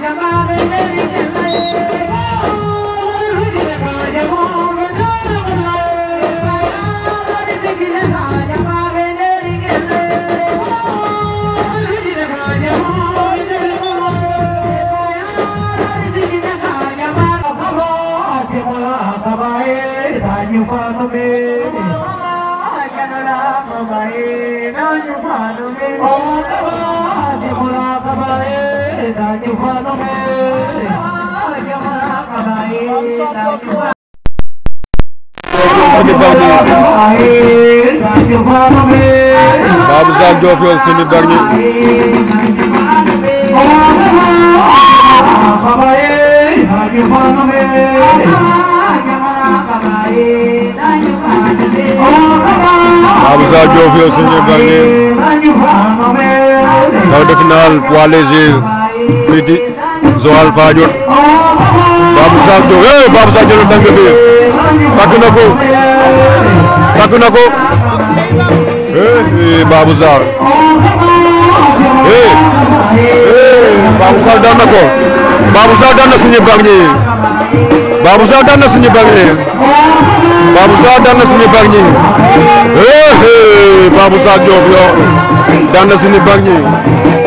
جا जुबान में राम भाई राजुबान में राजुबरा कबाए राजुबान में राजुबरा कबाए राजुबान में Babu Zal Diop yol seni barni. Babaye, Hacı Hanım, Moussa Diop yow suñu gagné quart de finale poids léger fii di Joal Fadiouth Babou Sarr Diop eh Babou Sarr Diop tànk bi takk na ko takk na ko eh Babou Sarr eh eh Babou Sarr daan na ko Babou Sarr daan na suñu gagné Babou Sarr daan na suñu gagné Pape Moussa daan na suñu bag ñi Pape Moussa Diouf yoo daan na suñu bag